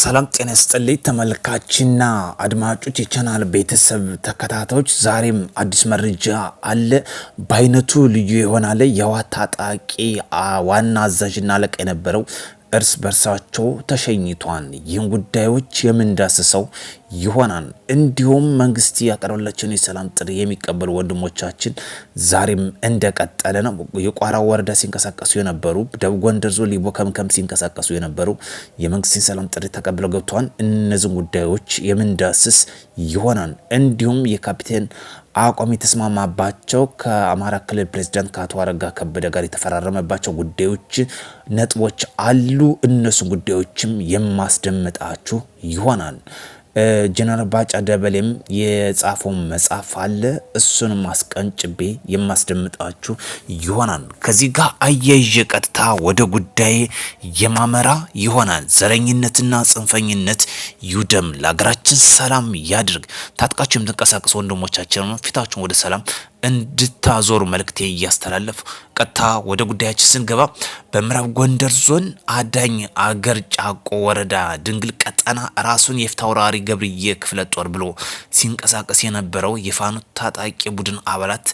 ሰላም ጤና ስጥልኝ ተመልካችና አድማጮች የቻናል ቤተሰብ ተከታታዮች፣ ዛሬም አዲስ መረጃ አለ። በአይነቱ ልዩ የሆናለ የህወሓት ታጣቂ ዋና አዛዥና አለቃ የነበረው እርስ በርሳቸው ተሸኝቷል። ይህን ጉዳዮች የምንዳስሰው ይሆናል። እንዲሁም መንግስት ያቀረበላቸውን የሰላም ጥሪ የሚቀበሉ ወንድሞቻችን ዛሬም እንደቀጠለ ነው። የቋራ ወረዳ ሲንቀሳቀሱ የነበሩ ደቡብ ጎንደር ዞን ሊቦ ከምከም ሲንቀሳቀሱ የነበሩ የመንግስትን ሰላም ጥሪ ተቀብለው ገብተዋል። እነዚህን ጉዳዮች የምንዳስስ ይሆናል። እንዲሁም የካፒቴን አቋም የተስማማባቸው ከአማራ ክልል ፕሬዚዳንት ከአቶ አረጋ ከበደ ጋር የተፈራረመባቸው ጉዳዮች ነጥቦች አሉ። እነሱ ጉዳዮችም የማስደምጣችሁ ይሆናል። ጀነራል ባጫ ደበሌም የጻፈውን መጽሐፍ አለ። እሱንም አስቀንጭቤ የማስደምጣችሁ ይሆናል። ከዚህ ጋር አያይዤ ቀጥታ ወደ ጉዳይ የማመራ ይሆናል። ዘረኝነትና ጽንፈኝነት ይውደም፣ ለሀገራችን ሰላም ያድርግ። ታጥቃችሁ የምትንቀሳቀሱ ወንድሞቻችን ፊታችሁን ወደ ሰላም እንድታዞሩ መልእክቴ እያስተላለፉ ቀጥታ ወደ ጉዳያችን ስንገባ በምዕራብ ጎንደር ዞን አዳኝ አገር ጫቆ ወረዳ ድንግል ቀጠና ራሱን የፊት አውራሪ ገብርዬ ክፍለ ጦር ብሎ ሲንቀሳቀስ የነበረው የፋኖ ታጣቂ ቡድን አባላት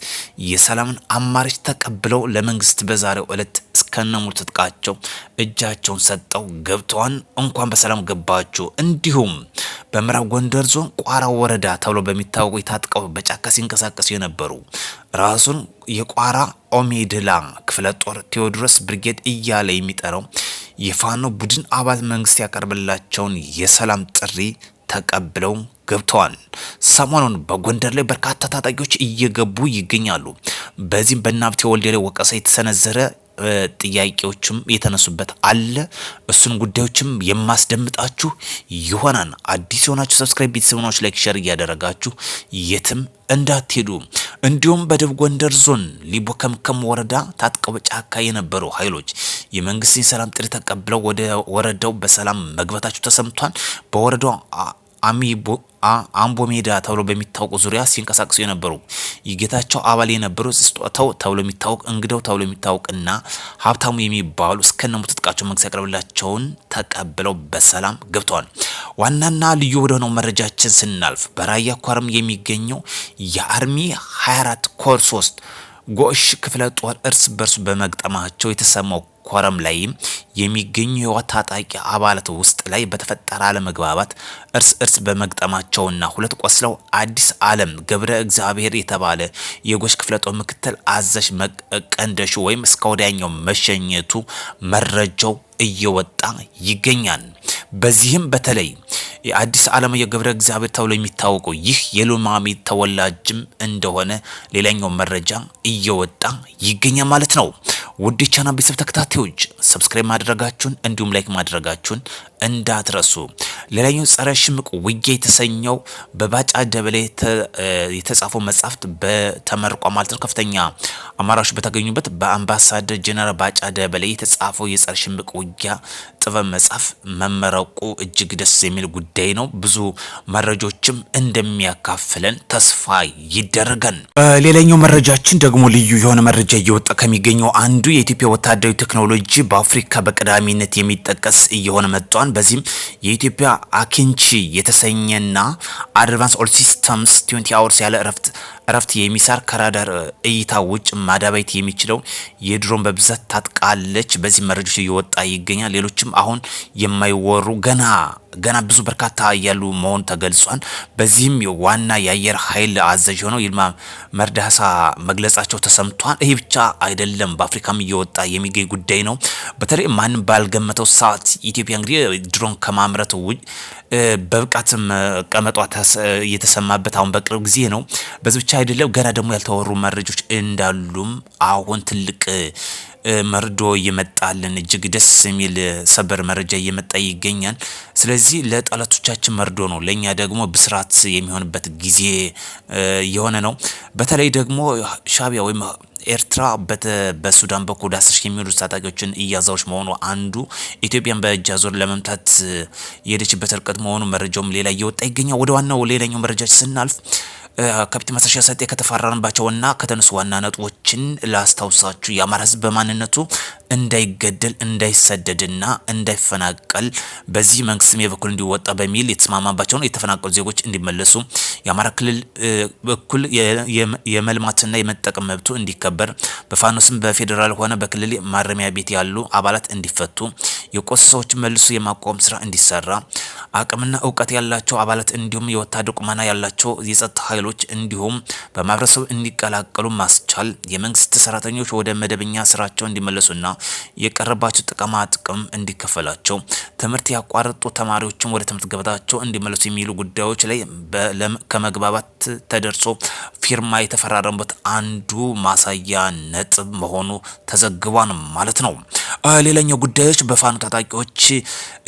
የሰላምን አማራጭ ተቀብለው ለመንግስት በዛሬው ዕለት እስከነሙሉ ትጥቃቸው እጃቸውን ሰጠው ገብተዋን እንኳን በሰላም ገባችሁ። እንዲሁም በምዕራብ ጎንደር ዞን ቋራ ወረዳ ተብሎ በሚታወቁ የታጥቀው በጫካ ሲንቀሳቀሱ የነበሩ ራሱን የቋራ ኦሜድላ ክፍለ ጦር ቴዎድሮስ ብርጌድ እያለ የሚጠራው የፋኖ ቡድን አባል መንግስት ያቀርብላቸውን የሰላም ጥሪ ተቀብለው ገብተዋል። ሰሞኑን በጎንደር ላይ በርካታ ታጣቂዎች እየገቡ ይገኛሉ። በዚህም በናብቴ ወልዴ ላይ ወቀሳ የተሰነዘረ ጥያቄዎችም የተነሱበት አለ። እሱን ጉዳዮችም የማስደምጣችሁ ይሆናል። አዲስ የሆናችሁ ሰብስክራይብ ቤተሰብናዎች ላይክ ሸር እያደረጋችሁ የትም እንዳትሄዱ እንዲሁም በደቡብ ጎንደር ዞን ሊቦ ከምከም ወረዳ ታጥቀው በጫካ የነበሩ ኃይሎች የመንግስትን ሰላም ጥሪ ተቀብለው ወደ ወረዳው በሰላም መግባታቸው ተሰምቷል። በወረዳው አሚቦ አምቦ ሜዳ ተብሎ በሚታወቁ ዙሪያ ሲንቀሳቀሱ የነበሩ የጌታቸው አባል የነበሩ ስጦታው ተብሎ የሚታወቅ እንግደው ተብሎ የሚታወቅና ሀብታሙ የሚባሉ እስከነሙ ሙሉ ትጥቃቸው መንግስት ያቀረበላቸውን ተቀብለው በሰላም ገብተዋል። ዋናና ልዩ ወደሆነው መረጃችን ስናልፍ በራያ ኮረም የሚገኘው የአርሚ 24 ኮር 3 ጎሽ ክፍለ ጦር እርስ በርሱ በመግጠማቸው የተሰማው ኮረም ላይም የሚገኙ የህወሓት ታጣቂ አባላት ውስጥ ላይ በተፈጠረ አለመግባባት እርስ እርስ በመግጠማቸውና ሁለት ቆስለው አዲስ አለም ገብረ እግዚአብሔር የተባለ የጎሽ ክፍለጦር ምክትል አዛዥ መቀንደሹ ወይም እስከ ወዲያኛው መሸኘቱ መረጃው እየወጣ ይገኛል። በዚህም በተለይ የአዲስ ዓለማየሁ ገብረ እግዚአብሔር ተብሎ የሚታወቀው ይህ የሉማሜ ተወላጅም እንደሆነ ሌላኛው መረጃ እየወጣ ይገኛል ማለት ነው። ውድ ቻና ቤተሰብ ተከታታዮች ሰብስክራይብ ማድረጋችሁን እንዲሁም ላይክ ማድረጋችሁን እንዳትረሱ። ሌላኛው ጸረ ሽምቅ ውጊያ የተሰኘው በባጫ ደበሌ የተጻፈው መጽሐፍት በተመርቋ ማለት ነው። ከፍተኛ አማራዎች በተገኙበት በአምባሳደር ጀነራል ባጫ ደበሌ የተጻፈው የጸረ ሽምቅ ውጊያ ጥበብ መጽሐፍ መመረቁ እጅግ ደስ የሚል ጉዳይ ነው። ብዙ መረጃዎችም እንደሚያካፍለን ተስፋ ይደረጋል። ሌላኛው መረጃችን ደግሞ ልዩ የሆነ መረጃ እየወጣ ከሚገኘው አንዱ የኢትዮጵያ ወታደራዊ ቴክኖሎጂ በአፍሪካ በቀዳሚነት የሚጠቀስ እየሆነ መጥቷል። በዚህም የኢትዮጵያ አኪንቺ የተሰኘና አድቫንስ ኦል ሲስተምስ 20 አወርስ ያለ እረፍት እረፍት የሚሳር ከራዳር እይታ ውጭ ማዳባይት የሚችለውን የድሮን በብዛት ታጥቃለች። በዚህ መረጃዎች እየወጣ ይገኛል። ሌሎችም አሁን የማይወሩ ገና ገና ብዙ በርካታ እያሉ መሆኑ ተገልጿል። በዚህም ዋና የአየር ኃይል አዛዥ የሆነው ይልማ መርዳሳ መግለጻቸው ተሰምቷል። ይህ ብቻ አይደለም፣ በአፍሪካም እየወጣ የሚገኝ ጉዳይ ነው። በተለይ ማንም ባልገመተው ሰዓት ኢትዮጵያ እንግዲህ ድሮን ከማምረት ውጭ በብቃትም ቀመጧ እየተሰማበት አሁን በቅርብ ጊዜ ነው። በዚህ ብቻ አይደለም ገና ደግሞ ያልተወሩ መረጆች እንዳሉም አሁን ትልቅ መርዶ እየመጣልን እጅግ ደስ የሚል ሰበር መረጃ እየመጣ ይገኛል። ስለዚህ ለጠላቶቻችን መርዶ ነው፣ ለእኛ ደግሞ ብስራት የሚሆንበት ጊዜ የሆነ ነው። በተለይ ደግሞ ሻቢያ ወይም ኤርትራ በሱዳን በኩል ዳስሽ የሚሉ ታጣቂዎችን እያዛዎች መሆኑ አንዱ ኢትዮጵያን በእጅ አዙር ለመምታት የሄደችበት እርቀት መሆኑ መረጃውም ሌላ እየወጣ ይገኛል። ወደ ዋናው ሌላኛው መረጃች ስናልፍ ካፒቴን ማሳሻ ሰጤ ከተፈራረንባቸውና ከተነሱ ዋና ነጥቦችን ላስታውሳችሁ። የአማራ ህዝብ በማንነቱ እንዳይገደል እንዳይሰደድና እንዳይፈናቀል በዚህ መንግስትም የበኩል እንዲወጣ በሚል ነው። የተፈናቀሉ ዜጎች እንዲመለሱ የአማራ ክልል በኩል የመልማትና የመጠቀም መብቱ እንዲከበር በፋኖስም በፌዴራል ሆነ በክልል ማረሚያ ቤት ያሉ አባላት እንዲፈቱ የቆሰሉ ሰዎችን መልሶ የማቋቋም ስራ እንዲሰራ አቅምና እውቀት ያላቸው አባላት እንዲሁም የወታደር ቁመና ያላቸው የጸጥታ ኃይሎች እንዲሁም በማህበረሰቡ እንዲቀላቀሉ ማስቻል የመንግስት ሰራተኞች ወደ መደበኛ ስራቸው እንዲመለሱና የቀረባቸው ጥቅማ ጥቅም እንዲከፈላቸው ትምህርት ያቋረጡ ተማሪዎችም ወደ ትምህርት ገበታቸው እንዲመለሱ የሚሉ ጉዳዮች ላይ ከመግባባት ተደርሶ ፊርማ የተፈራረሙበት አንዱ ማሳያ ነጥብ መሆኑ ተዘግቧን ማለት ነው። ሌላኛው ጉዳዮች በፋኖ ታጣቂዎች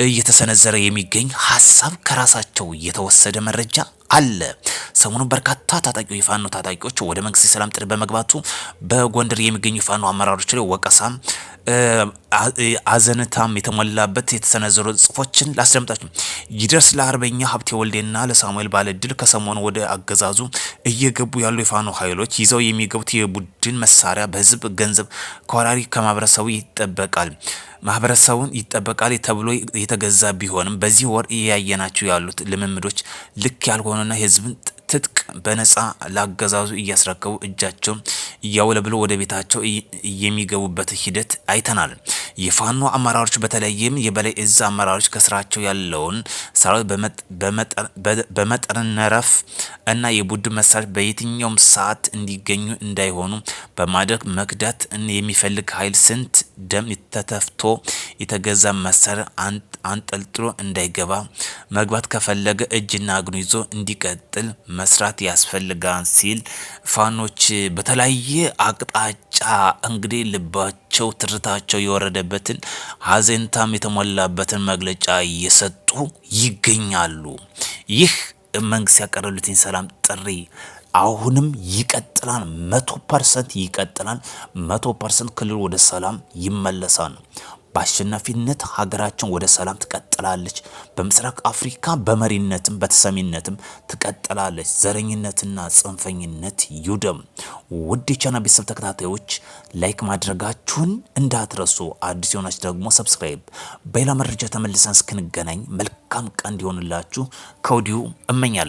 እየተሰነዘረ የሚገኝ ሀሳብ ከራሳቸው የተወሰደ መረጃ አለ። ሰሞኑን በርካታ ታጣቂ የፋኖ ታጣቂዎች ወደ መንግስት የሰላም ጥሪ በመግባቱ በጎንደር የሚገኙ ፋኖ አመራሮች ላይ ወቀሳም አዘንታም የተሞላበት የተሰነዘሩ ጽፎችን ላስደምጣችሁ። ይድረስ ለአርበኛ ሀብቴ ወልዴና ለሳሙኤል ባለድል ከሰሞኑ ወደ አገዛዙ እየገቡ ያሉ የፋኖ ኃይሎች ይዘው የሚገቡት የቡድን መሳሪያ በህዝብ ገንዘብ ከወራሪ ከማህበረሰቡ ይጠበቃል ማህበረሰቡን ይጠበቃል ተብሎ የተገዛ ቢሆንም በዚህ ወር እያየናቸው ያሉት ልምምዶች ልክ ያልሆኑና የህዝብን ትጥቅ በነጻ ላገዛዙ እያስረከቡ እጃቸውን እያውለብሎ ወደ ቤታቸው የሚገቡበት ሂደት አይተናል። የፋኖ አመራሮች በተለይም የበላይ እዝ አመራሮች ከስራቸው ያለውን ሰራዊት ነረፍ እና የቡድን መሳሪያ በየትኛውም ሰዓት እንዲገኙ እንዳይሆኑ በማድረግ መክዳት የሚፈልግ ኃይል ስንት ደም ተተፍቶ የተገዛ መሳሪያ አንጠልጥሎ እንዳይገባ መግባት ከፈለገ እጅና እግሩን ይዞ እንዲቀጥል መስራት ያስፈልጋል ሲል ፋኖች በተለያየ አቅጣጫ እንግዲህ ልባቸው ትርታቸው የወረደ ያለበትን ሀዘንታም የተሞላበትን መግለጫ እየሰጡ ይገኛሉ። ይህ መንግስት ያቀረሉትን ሰላም ጥሪ አሁንም ይቀጥላል። መቶ ፐርሰንት ይቀጥላል። መቶ ፐርሰንት ክልል ወደ ሰላም ይመለሳል። በአሸናፊነት ሀገራችን ወደ ሰላም ትቀጥላለች። በምስራቅ አፍሪካ በመሪነትም በተሰሚነትም ትቀጥላለች። ዘረኝነትና ጽንፈኝነት ይውደም። ውድ የቻና ቤተሰብ ተከታታዮች ላይክ ማድረጋቸው ላይኩን እንዳትረሱ። አዲስ የሆናችሁ ደግሞ ሰብስክራይብ። በሌላ መረጃ ተመልሰን እስክንገናኝ መልካም ቀን እንዲሆንላችሁ ከወዲሁ እመኛለሁ።